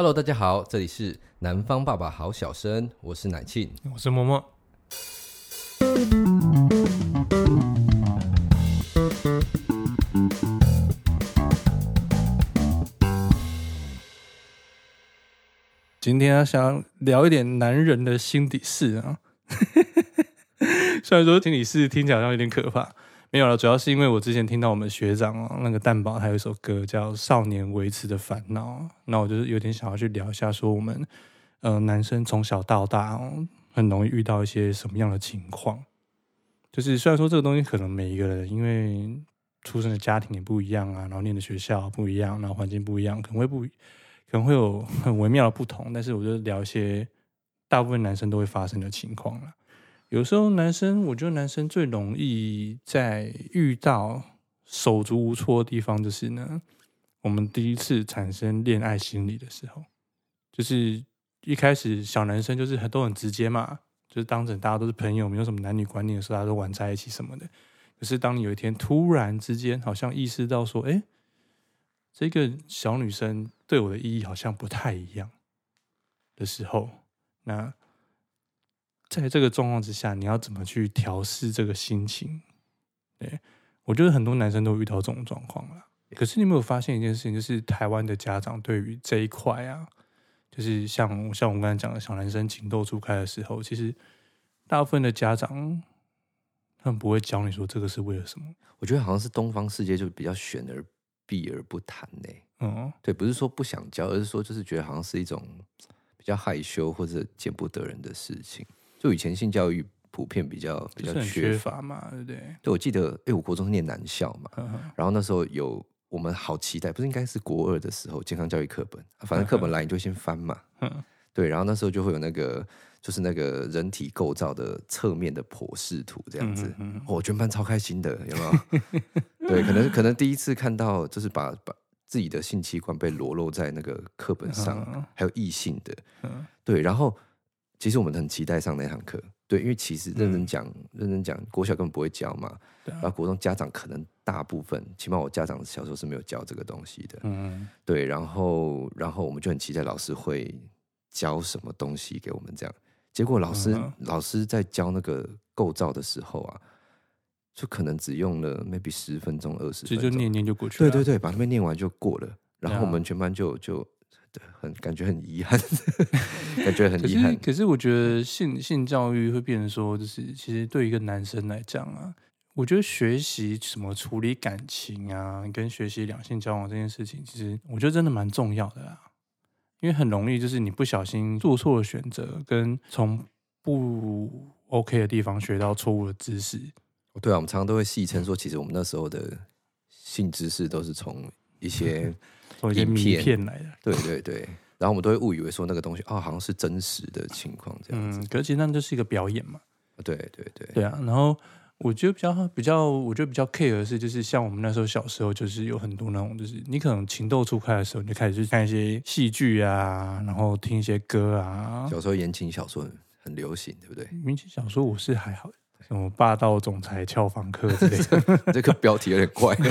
Hello，大家好，這裡是南方爸爸好小生，我是奶慶，我是默默。今天想聊一點男人的心底事啊， 雖然說心理事聽起來好像有點可怕。沒有了，主要是因為我之前聽到我們學長哦，那個蛋堡還有一首歌叫《少年維持的煩惱》，那我就有點想要去聊一下，說我們呃男生從小到大哦，很容易遇到一些什麼樣的情況。就是雖然說這個東西可能每一個人因為出生的家庭也不一樣啊，然後念的學校不一樣，然後環境不一樣，可能會不可能會有很微妙的不同，但是我就聊一些大部分男生都會發生的情況了。有時候男生，我覺得男生最容易在遇到手足無措的地方，就是呢，我們第一次產生戀愛心理的時候，就是一開始小男生就是都很直接嘛，就是當成大家都是朋友，沒有什麼男女觀念的時候，大家都玩在一起什麼的。可、就是當你有一天突然之間好像意識到說，哎、欸，這個小女生對我的意義好像不太一樣的時候，那。在這個狀況之下，你要怎麼去調試這個心情？對，我覺得很多男生都遇到這種狀況了。對可是你沒有發現一件事情，就是台灣的家長對於這一塊啊，就是像像我們剛才講的小男生情竇初開的時候，其實大部分的家長他們不會教你說這個是為了什麼。我覺得好像是東方世界就比較懸而避而不談嘞、欸。嗯，對，不是說不想教，而是說就是覺得好像是一種比較害羞或者見不得人的事情。就以前性教育普遍比較比較缺乏,缺乏嘛，對不對？對我記得，哎、欸，我國中念男校嘛，呵呵然後那時候有我們好期待，不是應該是國二的時候健康教育課本、啊，反正課本來你就先翻嘛，呵呵對，然後那時候就會有那個就是那個人體構造的側面的剖視圖這樣子，我、嗯哦、全班超開心的，有沒有？ 對，可能可能第一次看到就是把把自己的性器官被裸露在那個課本上，呵呵還有異性的，呵呵對，然後。其實我們很期待上那堂課，對，因為其實認真講、嗯、認真講，國小根本不會教嘛，啊、然後國中家長可能大部分，起碼我家長小時候是沒有教這個東西的，嗯，對，然後，然後我們就很期待老師會教什麼東西給我們，這樣，結果老師、嗯啊、老師在教那個構造的時候啊，就可能只用了 maybe 十分鐘、二十分鐘，就念念就過去了，對對對，把他們念完就過了，然後我們全班就就。很感覺很遺憾，感覺很遺憾。可是，可是我覺得性性教育會變成說，就是其實對一個男生來講啊，我覺得學習什麼處理感情啊，跟學習兩性交往這件事情，其實我覺得真的蠻重要的啊。因為很容易就是你不小心做錯了選擇，跟從不 OK 的地方學到錯誤的知識。對啊，我們常常都會戲稱說，其實我們那時候的性知識都是從一些、嗯。從一些迷片來的，對對對，然後我們都會誤以為說那個東西啊、哦，好像是真實的情況這樣嗯，可是其實那就是一個表演嘛。對對對對啊，然後我覺得比較比較，我覺得比較 care 的是，就是像我們那時候小時候，就是有很多那種，就是你可能情竇初開的時候，你就開始去看一些戲劇啊，然後聽一些歌啊。小時候言情小說很很流行，對不對？言情小說我是還好，什麼霸道總裁俏房客之類的，這個標題有點怪。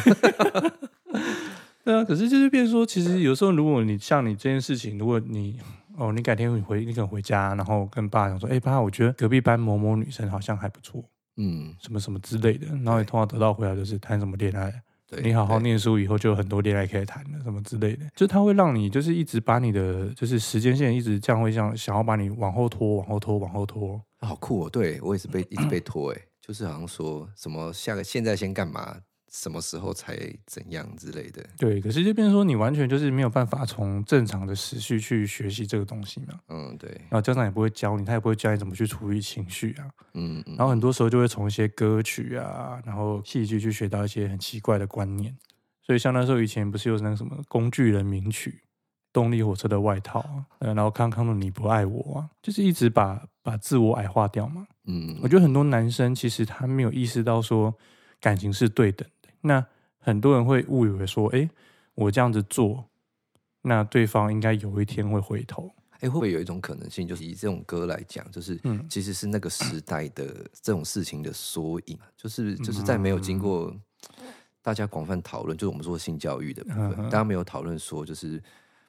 對啊，可是就是變成說，其實有時候，如果你像你這件事情，如果你哦，你改天你回，你可能回家，然後跟爸講說，哎、欸，爸，我覺得隔壁班某某女生好像還不錯，嗯，什麼什麼之類的，然後你通常得到回來就是談什麼戀愛？對對你好好念書以後就有很多戀愛可以談了，什麼之類的，就他會讓你就是一直把你的就是時間線一直這樣會想，想要把你往後拖，往後拖，往後拖，好酷哦！對我也是被一直被拖哎， 就是好像說什麼下個現在先幹嘛。什麼時候才怎樣之類的？對，可是這邊說你完全就是沒有辦法從正常的時序去學習這個東西嘛。嗯，對。然後家長也不會教你，他也不會教你怎麼去處理情緒啊嗯。嗯，然後很多時候就會從一些歌曲啊，然後戲劇去學到一些很奇怪的觀念。所以像那時候以前不是有那個什麼工具人名曲動力火車的《外套》啊，呃，然後康康的你不愛我啊，就是一直把把自我矮化掉嘛。嗯，我覺得很多男生其實他沒有意識到說感情是對等。那很多人會誤以為說：“哎、欸，我這樣子做，那對方應該有一天會回頭。”哎、欸，會有一種可能性，就是以這種歌來講，就是、嗯、其實是那個時代的這種事情的縮影，就是就是在沒有經過大家廣泛討論，就是我們說性教育的部分，嗯、哼大家沒有討論說，就是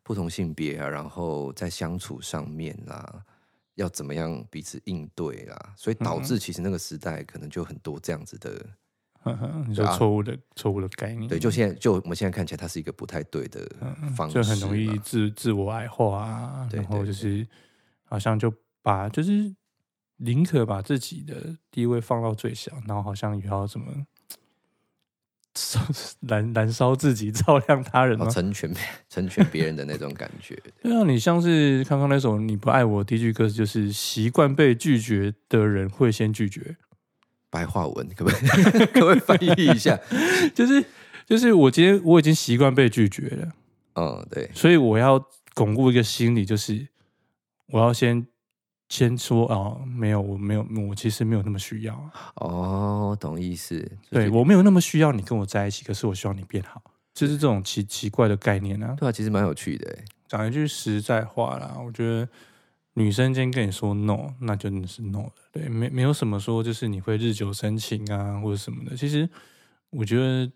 不同性別啊，然後在相處上面啊，要怎麼樣彼此應對啊，所以導致其實那個時代可能就很多這樣子的。呵呵你說錯誤的錯誤、啊、的概念，對，就現在，就我們現在看起來，它是一個不太對的方式，嗯，就很容易自自我矮化啊，嗯、然後就是對對對對，好像就把就是寧可把自己的地位放到最小，然後好像也要怎麼燃燃燒自己，照亮他人嗎？成全成全別人的那種感覺， 對啊，你像是剛剛那首《你不愛我》第一句歌詞，就是習慣被拒絕的人會先拒絕。白話文，可不可以？ 可不可以翻譯一下？ 就是，就是我今天我已經習慣被拒絕了。嗯，對，所以我要鞏固一個心理，就是我要先先說啊、哦，沒有，我沒有，我其實沒有那麼需要。哦，懂意思。就是、對我沒有那麼需要你跟我在一起，可是我希望你變好，就是這種奇奇怪的概念啊。對啊，其實蠻有趣的。講一句實在話啦，我覺得。女生今天跟你說 no，那就真的是 no 了，對，沒沒有什麼說，就是你會日久生情啊，或者什麼的。其實我覺得，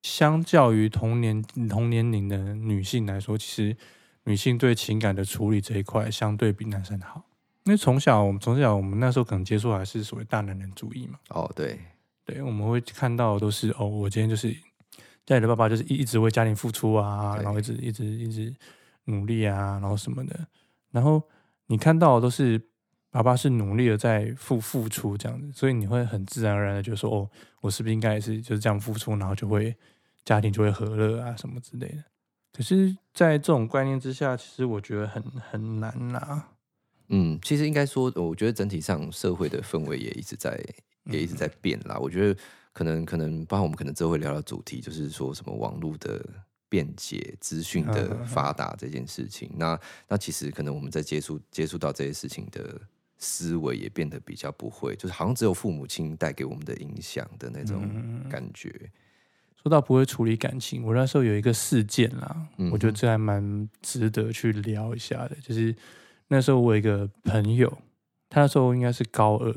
相較於同年同年齡的女性來說，其實女性對情感的處理這一塊，相對比男生好。因為從小我們從小我們那時候可能接觸還是所謂大男人主義嘛。哦，對，對，我們會看到都是哦，我今天就是家裡的爸爸就是一一直為家庭付出啊，對然後一直一直一直努力啊，然後什麼的，然後。你看到的都是爸爸是努力的在付付出這樣子，所以你會很自然而然的就說：“哦，我是不是應該也是就是這樣付出，然後就會家庭就會和樂啊什麼之類的？”可是，在這種觀念之下，其實我覺得很很難啦。嗯，其實應該說，我覺得整體上社會的氛圍也一直在也一直在變啦。嗯。我覺得可能可能，包括我們可能之後會聊到主題，就是說什麼網絡的。便捷資訊的發達這件事情，好好好，那那其實可能我們在接觸接觸到這些事情的思維也變得比較不會，就是好像只有父母親帶給我們的影響的那種感覺，嗯。說到不會處理感情，我那時候有一個事件啦，嗯哼，我覺得這還蠻值得去聊一下的。就是那時候我有一個朋友，他那時候應該是高二，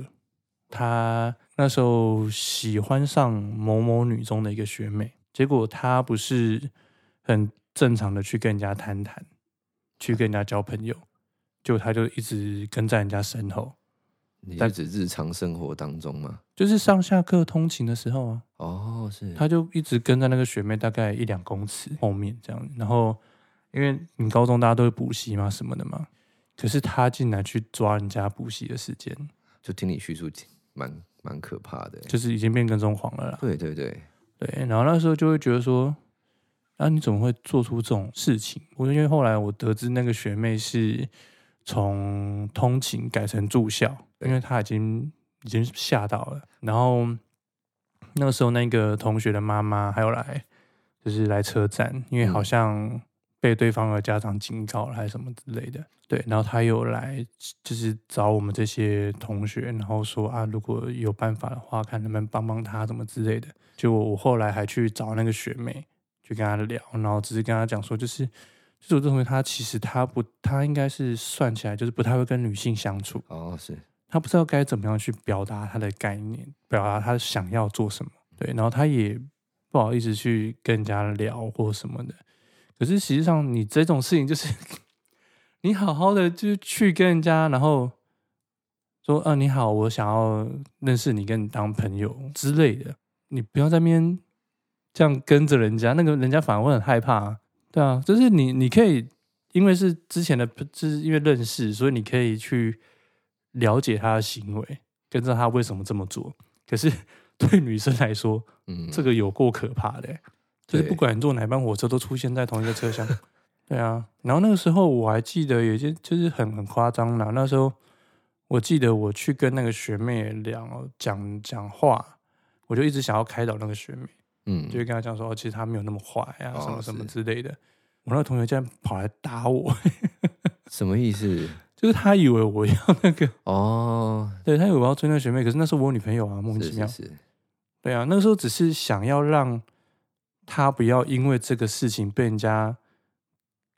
他那時候喜歡上某某女中的一個學妹，結果他不是。很正常的去跟人家談談，去跟人家交朋友，就他就一直跟在人家身後。在只你是 但日常生活當中嗎？就是上下課通勤的時候啊。哦，是。他就一直跟在那個學妹大概一兩公尺後面這樣。然後，因為你高中大家都會補習嘛什麼的嘛，可是他進來去抓人家補習的時間，就聽你敘述，蠻蠻可怕的。就是已經變跟蹤狂了啦。對對對對，然後那時候就會覺得說。那、啊、你怎麼會做出這種事情？我因為後來我得知那個學妹是從通勤改成住校，因為她已經已經嚇到了。然後那個時候，那個同學的媽媽還有來，就是來車站，因為好像被對方的家長警告了還是什麼之類的。對，然後她又來，就是找我們這些同學，然後說啊，如果有辦法的話，看能不能幫幫她什麼之類的。就我後來還去找那個學妹。去跟他聊，然後只是跟他講說、就是，就是就是我認為他其實他不，他應該是算起來就是不太會跟女性相處哦，是他不知道該怎麼樣去表達他的概念，表達他想要做什麼，對，然後他也不好意思去跟人家聊或什麼的。可是實際上，你這種事情就是你好好的就去跟人家，然後說，嗯、啊，你好，我想要認識你，跟你當朋友之類的，你不要在那邊。像跟着人家那個人家反而會很害怕啊，對啊，就是你你可以因為是之前的就是因為認識，所以你可以去了解他的行為，跟着他為什麼這麼做。可是對女生來說，嗯，這個有夠可怕的，就是不管你坐哪班火車都出現在同一個車廂，對, 對啊。然後那個時候我還記得有些就是很很誇張了，那時候我記得我去跟那個學妹聊講講話，我就一直想要開導那個學妹。嗯，就跟他講說、哦，其實他沒有那麼壞啊，哦、什麼什麼之類的。是我那同學竟然跑來打我， 什麼意思？就是他以為我要那個哦，對，他以為我要追那學妹，可是那是我女朋友啊，莫名其妙。是是是，對啊，那個時候只是想要讓他不要因為這個事情被人家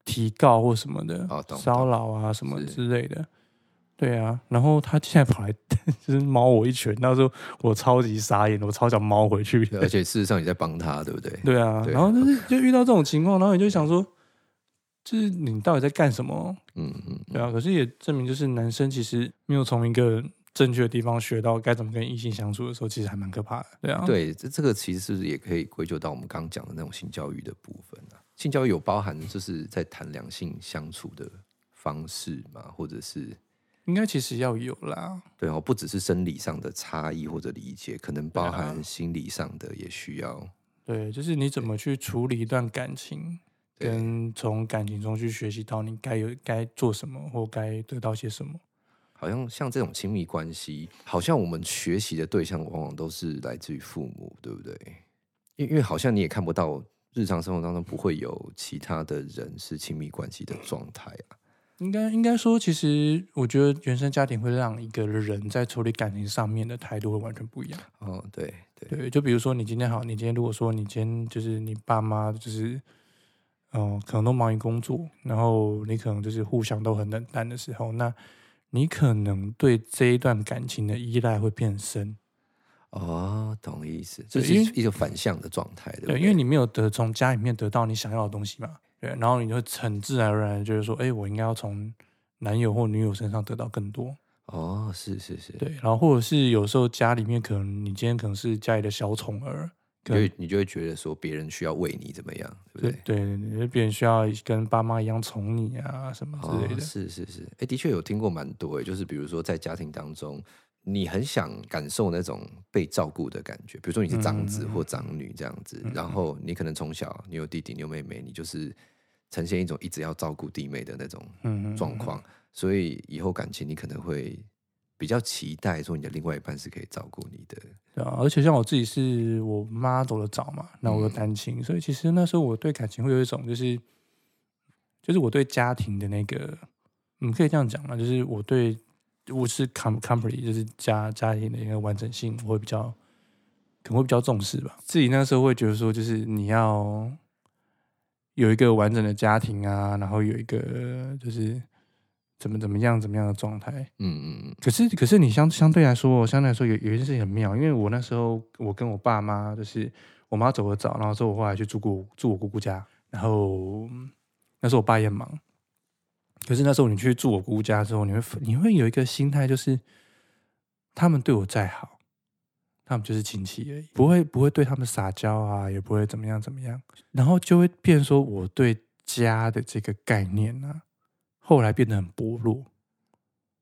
提告或什麼的，哦、騷擾啊是什麼之類的。對啊，然後他現在跑來就是貓我一拳，那時候我超級傻眼，我超想貓回去。而且事實上你在幫他，對不對？對啊，對，然後就是就遇到這種情況，然後你就想說，就是你到底在幹什麼？嗯嗯，嗯對啊。可是也證明，就是男生其實沒有從一個正確的地方學到該怎麼跟異性相處的時候，其實還蠻可怕的。對啊，對，這這個其實是不是也可以歸咎到我們剛剛講的那種性教育的部分啊。性教育有包含就是在談兩性相處的方式嘛，或者是應該其實要有啦，對哦，不只是生理上的差異或者理解，可能包含心理上的也需要。對啊。對，就是你怎麼去處理一段感情，對跟從感情中去學習到你該有、該做什麼或該得到些什麼。好像像這種親密關係，好像我們學習的對象往往都是來自於父母，對不對？因為因為好像你也看不到日常生活當中不會有其他的人是親密關係的狀態啊。應該應該說，其實我覺得原生家庭會讓一個人在處理感情上面的態度會完全不一樣。哦，對對，對，就比如說你今天好，你今天如果說你今天就是你爸媽就是，嗯、哦，可能都忙於工作，然後你可能就是互相都很冷淡的時候，那你可能對這一段感情的依賴會變深。哦，懂意思，這、就是一個反向的狀態，對，對，對，因為你沒有得從家裡面得到你想要的東西嘛。對，然後你就會很自然而然，就是說，哎，我應該要從男友或女友身上得到更多。哦，是是是，對，然後或者是有時候家裡面可能你今天可能是家裡的小寵兒，所以你，你就會覺得說別人需要餵你怎麼樣，對不對？對，對，別人需要跟爸媽一樣寵你啊什麼之類的，哦。是是是，哎，的確有聽過蠻多，哎，就是比如說在家庭當中，你很想感受那種被照顧的感覺，比如說你是長子或長女這樣子，嗯嗯嗯，然後你可能從小你有弟弟、你有妹妹，你就是呈現一種一直要照顧弟妹的那種狀況，嗯嗯嗯，所以以後感情你可能會比較期待說你的另外一半是可以照顧你的。對啊、而且像我自己是我媽走得早嘛，那我又單親，嗯、所以其實那時候我對感情會有一種就是，就是我對家庭的那個，你可以這樣講啊，就是我對。我是 com company，就是家家庭的一個完整性，我會比較，可能會比較重視吧。自己那時候會覺得說，就是你要有一個完整的家庭啊，然後有一個就是怎麼怎麼樣怎麼樣的狀態。嗯嗯，可是可是你相相對來說，相對來說有有一件事情很妙，因為我那時候我跟我爸媽，就是我媽走得早，然後之後我後來就住過住我姑姑家，然後那時候我爸也很忙。可是那時候你去住我姑家之後，你會你會有一個心態，就是他們對我再好，他們就是親戚而已，不會不會對他們撒嬌啊，也不會怎麼樣怎麼樣，然後就會變說我對家的這個概念呢，後來變得很薄弱。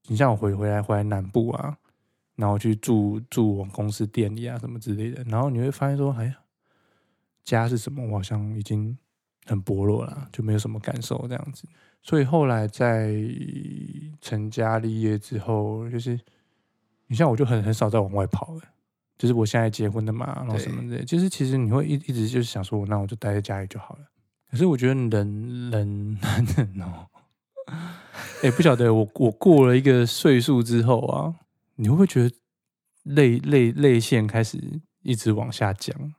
你像我回回來回來南部啊，然後去住住我公司店裡啊什麼之類的，然後你會發現說，哎呀，家是什麼？我好像已經很薄弱了，就沒有什麼感受這樣子。所以後來在成家立業之後，就是你像我就很很少再往外跑了，就是我現在結婚的嘛，然後什麼的，對就是其實你會一一直就是想說，那我就待在家裡就好了。可是我覺得人人很人哦，哎， 不曉得我我過了一個歲數之後啊，你會不會覺得淚淚淚腺開始一直往下降？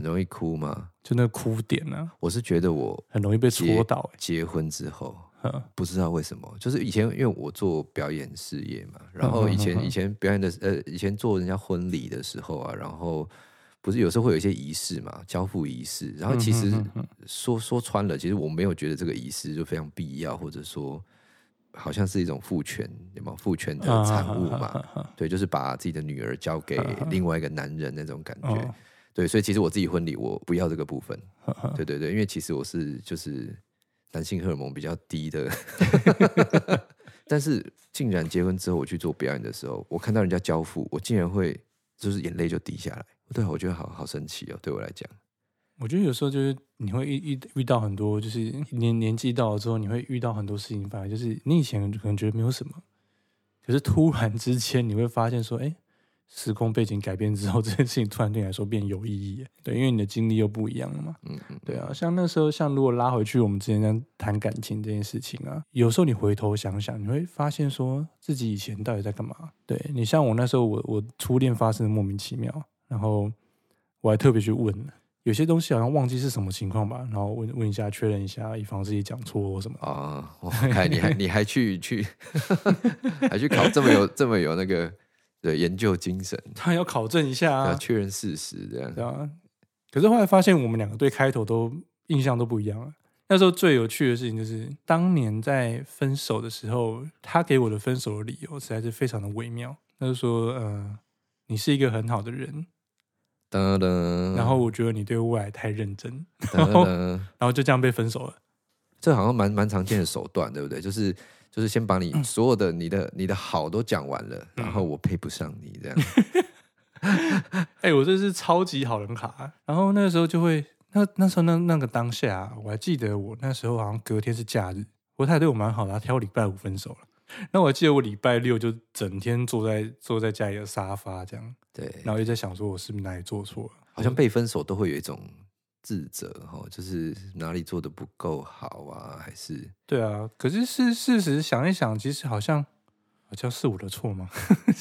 很容易哭嗎？就那哭點呢、啊？我是覺得我很容易被戳到、欸。結婚之後，呵不知道為什麼，就是以前因為我做表演事業嘛，然後以前、嗯、哼哼哼以前表演的呃，以前做人家婚禮的時候啊，然後不是有時候會有一些儀式嘛，交付儀式，然後其實說、嗯、哼哼哼說穿了，其實我沒有覺得這個儀式就非常必要，或者說好像是一種父權，有沒有父權的產物嘛？啊、哈哈哈哈對，就是把自己的女兒交給另外一個男人那種感覺。啊哈哈啊對，所以其實我自己婚禮我不要這個部分。呵呵。對對對，因為其實我是就是男性荷爾蒙比較低的， 但是竟然結婚之後我去做表演的時候，我看到人家交付，我竟然會就是眼淚就滴下來。對我覺得好好神奇哦，對我來講，我覺得有時候就是你會遇遇遇到很多，就是年年紀到了之後，你會遇到很多事情，反而就是你以前可能覺得沒有什麼，可是突然之間你會發現說，哎。時空背景改變之後，這件事情突然對你來說變有意義，對，因為你的經歷又不一樣了嘛。嗯嗯哼，對啊，像那時候，像如果拉回去，我們之前談感情這件事情啊，有時候你回頭想想，你會發現說自己以前到底在幹嘛？對，你像我那時候，我我初戀發生的莫名其妙，然後我還特別去問，有些東西好像忘記是什麼情況吧，然後問問一下確認一下，以防自己講錯或什麼啊。我、呃、 你還你還去去， 還去考這麼有 這麼有那個。對，研究精神，他要考證一下啊，要確認事實這樣啊。可是後來發現，我們兩個對開頭都印象都不一樣了。那時候最有趣的事情就是，當年在分手的時候，他給我的分手的理由實在是非常的微妙。他就說，呃：“你是一個很好的人，噠噠。”然後我覺得你對未來太認真，然後，噠噠。然後就這樣被分手了。這好像蠻蠻常見的手段，對不對？就是。就是先把你所有的你的你的好都講完了，嗯、然後我配不上你這樣、嗯。哎、 欸，我真是超級好人卡。然後那個時候就會，那那時候那那個當下、啊，我還記得我那時候好像隔天是假日，不過他還對我蠻好的，他挑禮拜五分手了。那我還記得我禮拜六就整天坐在坐在家裡的沙發這樣。對，然後一直在想說我是不是哪裡做錯了？好像被分手都會有一種。自責哦，就是哪裡做得不夠好啊？還是對啊？可是事事實想一想，其實好像好像是我的錯嗎？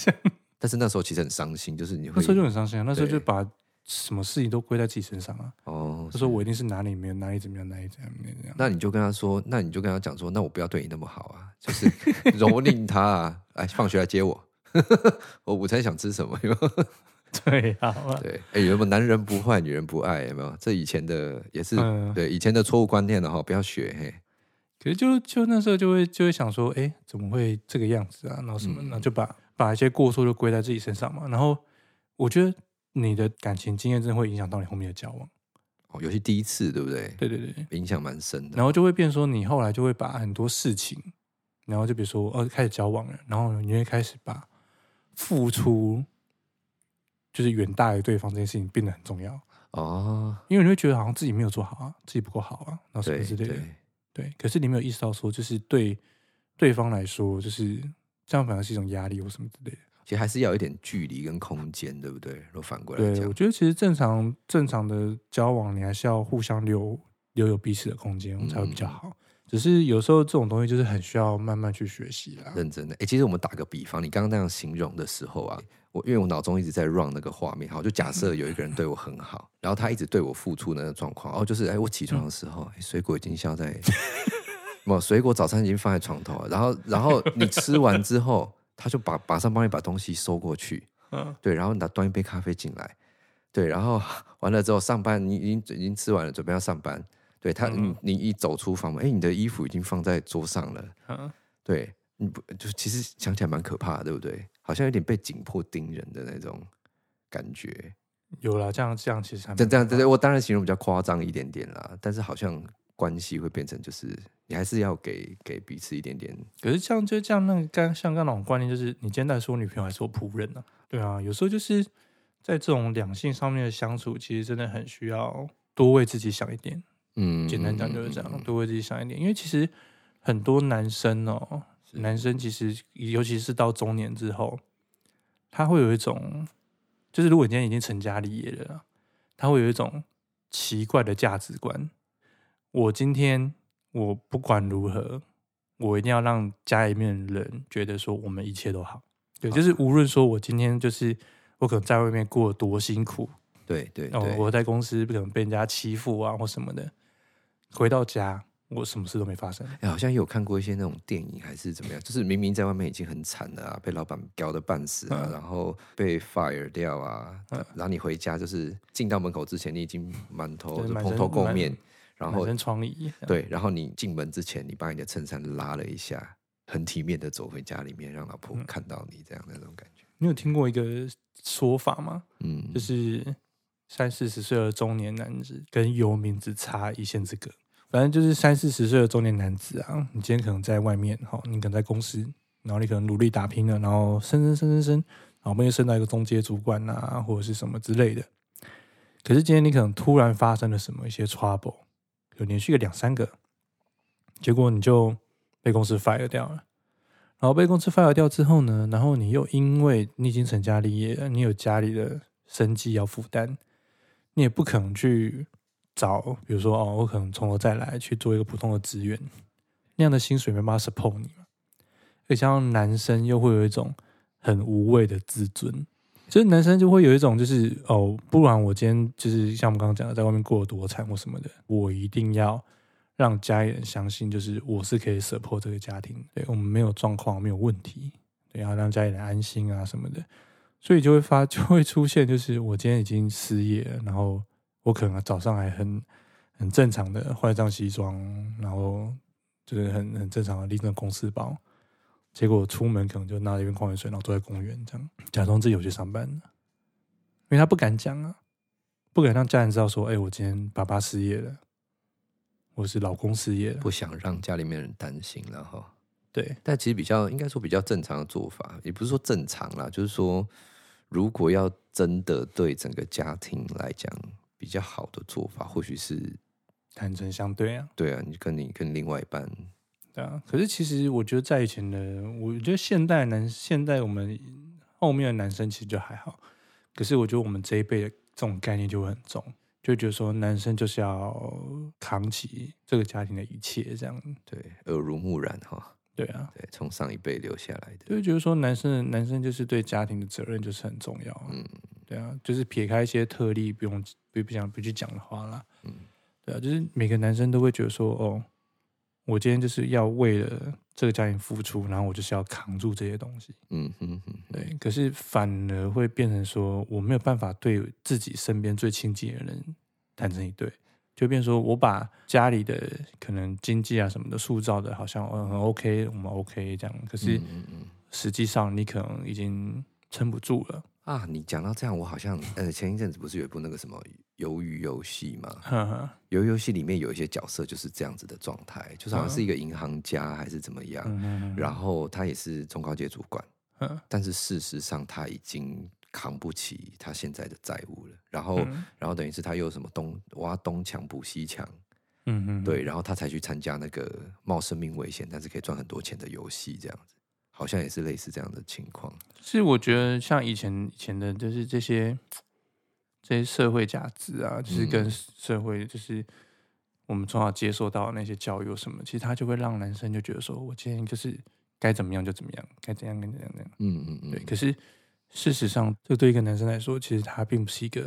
但是那時候其實很傷心，就是你會那時候就很傷心，啊。對那時候就把什麼事情都歸在自己身上啊。哦，那時候我一定是哪裡沒有，是哪裡怎麼樣，哪裡怎麼樣。那你就跟他說，那你就跟他講說，那我不要對你那麼好啊，就是蹂躪他、啊。哎， 放學來接我， 我午餐想吃什麼？ 對啊，好對，哎、欸，有沒有男人不壞，女人不愛？有沒有？這以前的也是，嗯嗯、對以前的錯誤觀念的哈、哦，不要學嘿。可是就就那時候就會就會想說，哎、欸，怎麼會這個樣子啊？然後什麼？呢，嗯、就把把一些過錯就歸在自己身上嘛。然後我覺得你的感情經驗真的會影響到你後面的交往哦，尤其第一次，對不對？對對對，影響蠻深的、哦。然後就會變成說，你後來就會把很多事情，然後就比如說哦，開始交往了，然後你會開始把付出、嗯。就是遠大於對方這件事情變得很重要哦，因為你會覺得好像自己沒有做好啊，自己不夠好啊，那什麼之類的，對，對，對。可是你沒有意識到說，就是對對方來說，就是這樣反而是一種壓力或什麼之類的。其實還是要有一點距離跟空間，對不對？如果反過來講，對。我覺得其實正常正常的交往，你還是要互相留留有彼此的空間，嗯，才會比較好。只是有時候這種東西就是很需要慢慢去學習啦，認真的。哎，其實我們打個比方，你剛剛那樣形容的時候啊，我因為我腦中一直在 run 那個畫面，好，就假設有一個人對我很好， 然後他一直對我付出的那個狀況，哦，就是哎，我起床的時候，水果已經消在，不， 水果早餐已經放在床頭，然後，然後你吃完之後，他就把馬上幫你把東西收過去，嗯， 對，然後你拿端一杯咖啡進來，對，然後完了之後上班，你已經已經吃完了，準備要上班。對他，你、嗯、你一走出房門，哎、欸，你的衣服已經放在桌上了。嗯，對，你不就其實想起來蠻可怕，對不對？好像有點被緊迫盯人的那種感覺。有啦，這樣這樣其實還這樣，對對對，我當然形容比較誇張一點點啦。但是好像關係會變成就是，你還是要給給彼此一點點。可是這樣就這樣，那個剛像剛那種觀念，就是你今天到底還是我女朋友，還是我僕人呢、啊？對啊，有時候就是在這種兩性上面的相處，其實真的很需要多為自己想一點。嗯，簡單講就是這樣，多為自己想一點。因為其實很多男生哦、喔，是男生其實尤其是到中年之後，他會有一種，就是如果你今天已經成家立業了，他會有一種奇怪的價值觀。我今天我不管如何，我一定要讓家裡面人覺得說我們一切都好。對，好就是無論說我今天就是我可能在外面過得多辛苦，對對，我、喔、我在公司不可能被人家欺負啊或什麼的。回到家，我什麼事都沒發生。哎、欸，好像有看過一些那種電影，還是怎麼樣？就是明明在外面已經很慘了啊，被老板吊得半死、啊，嗯、然後被 fire 掉啊，嗯、啊然後你回家，就是進到門口之前，你已經滿頭、嗯、蓬頭垢面，然後穿雨衣，後對，然後你進門之前，你把你的襯衫拉了一下，很體面的走回家裡面，讓老婆看到你這樣、嗯、那種感覺。你有聽過一個說法嗎？嗯，就是。三四十歲的中年男子跟遊民只差一線之隔，反正就是三四十歲的中年男子啊。你今天可能在外面哈，你可能在公司，然後你可能努力打拼了，然後升升升升升，然後變成升到一個中階主管啊，或者是什麼之類的。可是今天你可能突然發生了什麼一些 trouble，有連續個兩三個，結果你就被公司 fire 掉了。然後被公司 fire 掉之後呢，然後你又因為你已經成家立業了，你有家裡的生計要負擔。你也不可能去找，比如說哦，我可能從頭再來去做一個普通的職員，那樣的薪水也沒辦法 support 你嘛。而且，像男生又會有一種很無謂的自尊，就是男生就會有一種就是哦，不然我今天就是像我們剛剛講的，在外面過得多慘或什麼的，我一定要讓家裡人相信，就是我是可以 support 這個家庭，對，我們沒有狀況，沒有問題，對，要讓家裡人安心啊什麼的。所以就會發就會出現，就是我今天已經失業了，然後我可能、啊、早上還很很正常的換上西裝，然後就是很很正常的拎着公司包，結果出門可能就拿了一瓶礦泉水，然後坐在公園這樣假裝自己有去上班了，因為他不敢講啊，不敢讓家人知道說，哎、欸，我今天爸爸失業了，或是老公失業了，不想讓家裡面人擔心了哈。對，但其實比較應該說比較正常的做法，也不是說正常啦，就是說。如果要真的對整個家庭來講比較好的做法，或許是坦誠相對啊，對啊，你跟你，你跟另外一半，對啊。可是其實我覺得在以前的，我覺得現代男，現代我們後面的男生其實就還好。可是我覺得我們這一輩的這種概念就會很重，就覺得說男生就是要扛起這個家庭的一切這樣。對，耳濡目染哈、哦。對啊，對，從上一輩留下來的，就是覺得說男生，男生就是對家庭的責任就是很重要啊，嗯，對啊，就是撇開一些特例不，不用不，不想不去講的話啦。嗯，對啊，就是每個男生都會覺得說，哦，我今天就是要為了這個家庭付出，然後我就是要扛住這些東西，嗯嗯嗯，對，可是反而會變成說，我沒有辦法對自己身邊最親近的人坦誠以對。嗯就變成說，我把家裡的可能經濟啊什麼的塑造的，好像很 OK，我們 OK 這樣。可是實際上，你可能已經撐不住了嗯嗯嗯啊！你講到這樣，我好像呃，前一陣子不是有一部那個什麼《魷魚遊戲》嗎？呵呵《魷魚遊戲》裡面有一些角色就是這樣子的狀態，就是好像是一個銀行家還是怎麼樣，啊、然後他也是中高階主管，呵但是事實上他已經。扛不起他現在的債務了，然後，嗯、然後等於是他又有什麼東挖東牆補西牆，嗯哼，對，然後他才去參加那個冒生命危險，但是可以賺很多錢的遊戲，這樣子，好像也是類似這樣的情況。是我覺得像以前以前的，就是這些這些社會價值啊，就是跟社會，就是我們從小接受到那些教育什麼，其實他就會讓男生就覺得說，我今天就是該怎麼樣就怎麼樣，該怎樣該怎樣跟怎樣，嗯嗯嗯，對，可是。事實上，這對一個男生來說，其實他並不是一個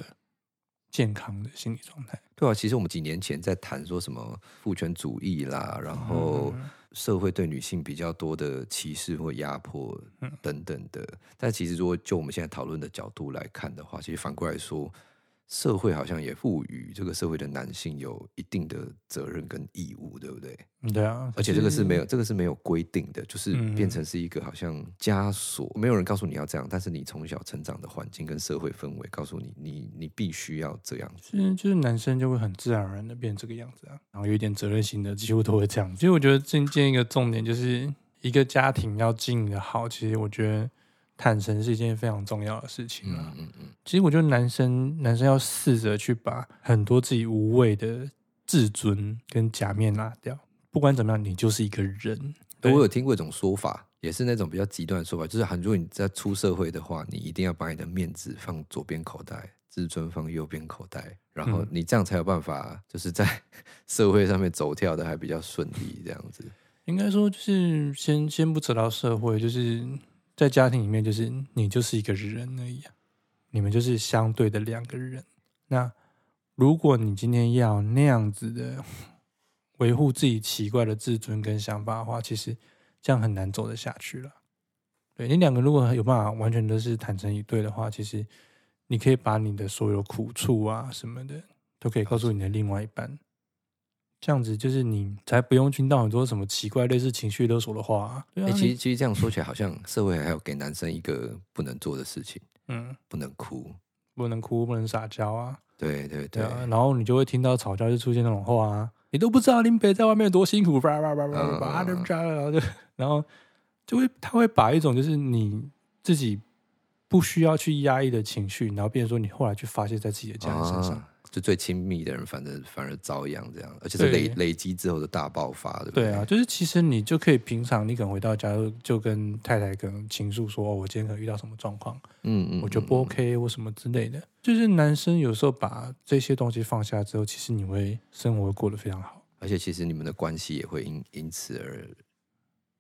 健康的心理狀態。對啊，其實我們幾年前在談說什麼父權主義啦，然後社會對女性比較多的歧視或壓迫等等的。嗯。但其實，如果就我們現在討論的角度來看的話，其實反過來說。社會好像也賦予這個社會的男性有一定的責任跟義務，對不對？嗯、對啊，而且這個是沒有，這個是沒有規定的，就是變成是一個好像枷鎖，嗯、沒有人告訴你要這樣，但是你從小成長的環境跟社會氛圍告訴你，你你必須要這樣，嗯，就是男生就會很自然而然的變成這個樣子啊，然後有一點責任心的幾乎都會這樣。其實我覺得今天一個重點就是一個家庭要經營的好，其實我覺得。坦誠是一件非常重要的事情啊、嗯！嗯嗯，其實我覺得男生，男生要試着去把很多自己無謂的自尊跟假面拿掉。不管怎麼樣，你就是一個人。我有聽過一種說法，也是那種比較極端的說法，就是很，如果你在出社會的話，你一定要把你的面子放左邊口袋，自尊放右邊口袋，然後你這樣才有辦法，嗯、就是在社會上面走跳的還比較順利。這樣子應該說，就是先，先不扯到社會，就是。在家庭裡面，就是你就是一個人而已，啊，你們就是相對的兩個人。那如果你今天要那樣子的維護自己奇怪的自尊跟想法的話，其實這樣很難走得下去了。對，你兩個，如果有辦法完全都是坦誠一對的話，其實你可以把你的所有苦處啊什麼的，都可以告訴你的另外一半。這樣子就是你才不用聽到很多什麼奇怪，類似情緒勒索的話、啊。哎、啊欸，其實其實這樣說起來，好像社會還有給男生一個不能做的事情，嗯，不能哭，不能哭，不能撒嬌啊。對對對、啊對啊。然後你就會聽到吵架就出現那種話啊，你都、欸、不知道林北在外面有多辛苦，叭叭叭叭叭叭，然後就然後就會他會把一種就是你自己不需要去壓抑的情緒，然後變成說你後來去發泄在自己的家人身上。啊就最親密的人，反正反而遭殃這樣，而且是累對累積之後的大爆發，對不對？對啊，就是其實你就可以平常，你可能回到家就，就跟太太可能傾訴說、哦，我今天可能遇到什麼狀況，嗯嗯，嗯嗯，我覺得不 OK 我什麼之類的。就是男生有時候把這些東西放下之後，其實你會生活會過得非常好，而且其實你們的關係也會因因此而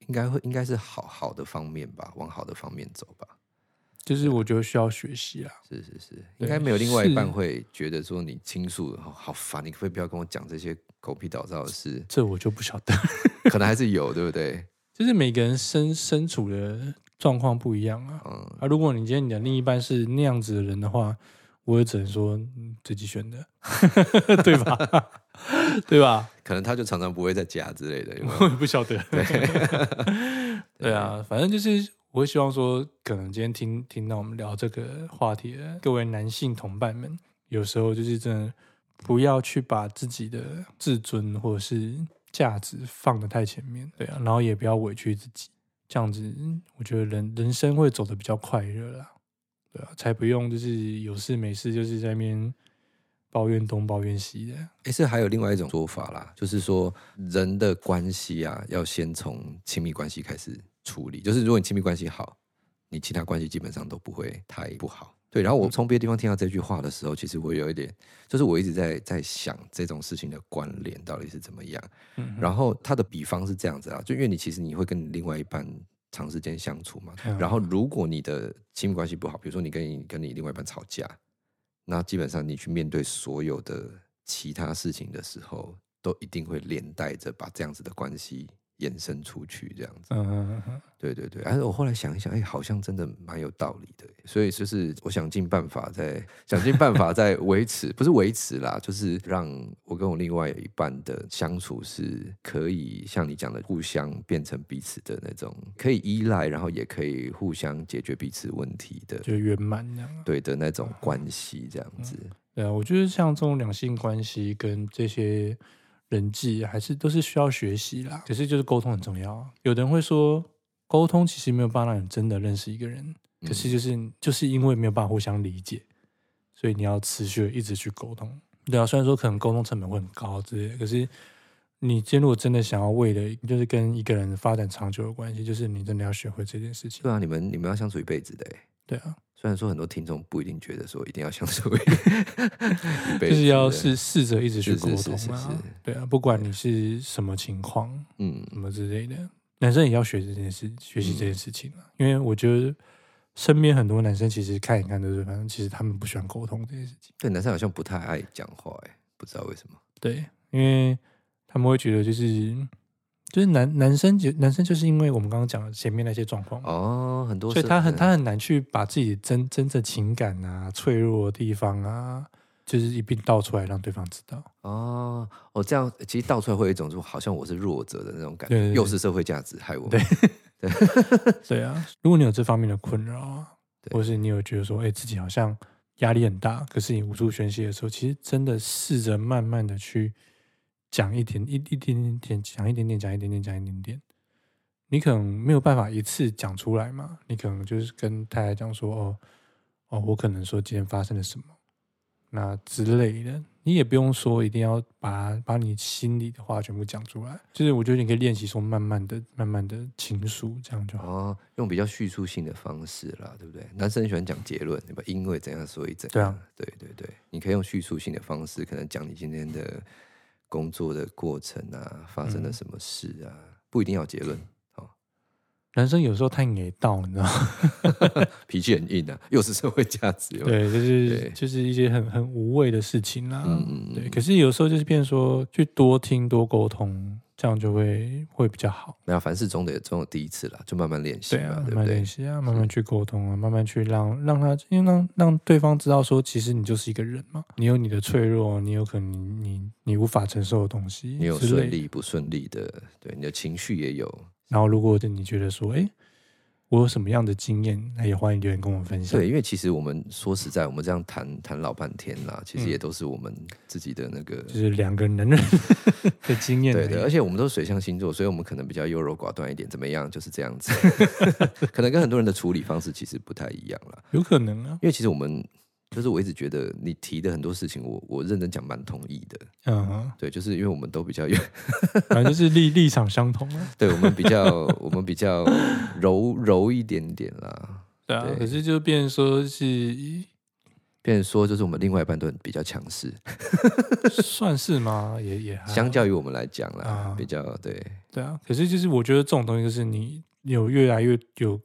應該會應該是好好的方面吧，往好的方面走吧。就是我覺得需要學習啦，啊。是是是，對應該沒有另外一半會覺得說你傾訴是好煩，你可不可以不要跟我講這些狗屁倒灶的事？這，這我就不曉得， 可能還是有，對不對？就是每個人身身處的狀況不一樣啊。嗯，而、啊、如果你今天你的另一半是那樣子的人的話，我也只能說自己選的， 對吧？ 對吧？ 可能他就常常不會在家之類的，我也 不曉曉得對。 對啊，反正就是。我會希望說，可能今天聽聽到我們聊這個話題的各位男性同伴們，有時候就是真的不要去把自己的自尊或者是價值放得太前面，對啊，然後也不要委屈自己，這樣子，我覺得人人生會走得比較快樂啦，對啊，才不用就是有事沒事就是在那邊抱怨東抱怨西的。哎，這還有另外一種做法啦，就是說人的關係啊，要先從親密關係開始。處理就是，如果你親密關係好，你其他關係基本上都不會太不好。對，然後我從別的地方聽到這句話的時候，嗯、哼其實我有一點，就是我一直在在想這種事情的關聯到底是怎麼樣。嗯、哼然後他的比方是這樣子啊，就因為你其實你會跟另外一半長時間相處嘛，嗯、哼然後如果你的親密關係不好，比如說你跟你你跟你另外一半吵架，那基本上你去面對所有的其他事情的時候，都一定會連帶着把這樣子的關係。延伸出去這樣子，對對對。但是我後來想一想，哎、欸，好像真的蠻有道理的。所以就是我想盡辦法在，想盡辦法在維持， 不是維持啦，就是讓我跟我另外一半的相處是可以像你講的，互相變成彼此的那種可以依賴，然後也可以互相解決彼此問題的，就圓滿、這樣、啊、對的那種關係這樣子、嗯。對啊，我覺得像這種兩性關係跟這些。人際還是都是需要學習啦，可是就是溝通很重要。有的人會說溝通其實沒有辦法讓你真的認識一個人，可是就是、嗯、就是因為沒有辦法互相理解，所以你要持續一直去溝通。對啊，雖然說可能溝通成本會很高之類，可是你今天如果真的想要為了就是跟一個人發展長久的關係，就是你真的要學會這件事情。對啊，你們你們要相處一輩子的、欸，對啊。雖然說很多聽眾不一定覺得說一定要相處， 就是要試試着一直去溝通嘛。對啊，不管你是什麼情況，嗯，什麼之類的，男生也要學這件事，學習這件事情嘛。嗯，因為我覺得身邊很多男生其實看一看就是，反正其實他們不喜歡溝通這件事情。對，男生好像不太愛講話欸，不知道為什麼。對，因為他們會覺得就是。就是男男生就男生，男生就是因為我們剛剛講前面那些狀況哦，很多，所以他很他很難去把自己真真正情感啊、脆弱的地方啊，就是一併倒出來讓對方知道哦。哦，這樣其實倒出來會有一種就好像我是弱者的那種感覺，又是社會價值害我。對 對 對啊！如果你有這方面的困擾，啊，對或是你有覺得說，哎、欸，自己好像壓力很大，可是你無處宣泄的時候，其實真的試着慢慢的去。講一點一一點點點講一點點講一點點講一點點，你可能沒有辦法一次講出來嘛？你可能就是跟太太講說：“哦哦，我可能說今天發生了什麼，那之類的。”你也不用說一定要把把你心裡的話全部講出來，就是我覺得你可以練習說慢慢的、慢慢的情書這樣就好。哦，用比較敘述性的方式啦，對不對？男生喜歡講結論，對吧？因為怎樣所以怎樣。對啊，對對對，你可以用敘述性的方式，可能講你今天的工作的過程啊，發生了什麼事啊？嗯、不一定要有結論啊。嗯哦、男生有時候太沒道理，你知道？ 脾氣很硬的、啊，又是社會價值。對，就是對就是一些很很無謂的事情啦、啊。嗯嗯。對，可是有時候就是變成說，去多聽多溝通。這樣就會會比較好。那凡事總得總有第一次了，就慢慢練習，對啊，慢慢，對不對？練習啊，對啊，對啊，慢慢去溝通啊，是，慢慢去讓讓他，因為讓讓對方知道說，其實你就是一個人嘛，你有你的脆弱，嗯，你有可能你你，你無法承受的東西，你有順利不，不順利的，對，你的情緒也有。然後，如果你覺得說，哎，欸。我有什麼樣的經驗，那也歡迎留言跟我分享。對，因為其實我們說實在，我們這樣談談老半天了，其實也都是我們自己的那個，嗯、就是兩個男人的經驗。對對，而且我們都是水象星座，所以我們可能比較優柔寡斷一點。怎麼樣，就是這樣子， 可能跟很多人的處理方式其實不太一樣了。有可能啊，因為其實我們。就是我一直覺得你提的很多事情我，我我認真講蠻同意的。嗯、uh huh. 對，就是因為我們都比較有，反正就是立 立場相同。對我們比較，我們比較柔 柔一點點啦。對啊，對可是就變成說是，是變成說，就是我們另外一半都比較強勢， 算是嗎？也也，相較於我們來講啦，uh huh. 比較對。對啊，可是就是我覺得這種東西就是你，你有越來越有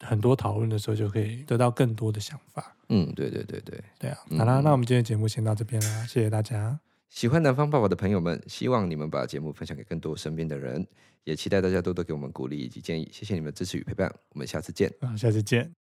很多討論的時候，就可以得到更多的想法。嗯，對對對對，對啊，好啦，嗯、那我們今天節目先到這邊啦，謝謝大家。喜歡南方爸爸的朋友們，希望你們把節目分享給更多身邊的人，也期待大家多多給我們鼓勵以及建議。謝謝你們支持與陪伴，我們下次見啊，下次見。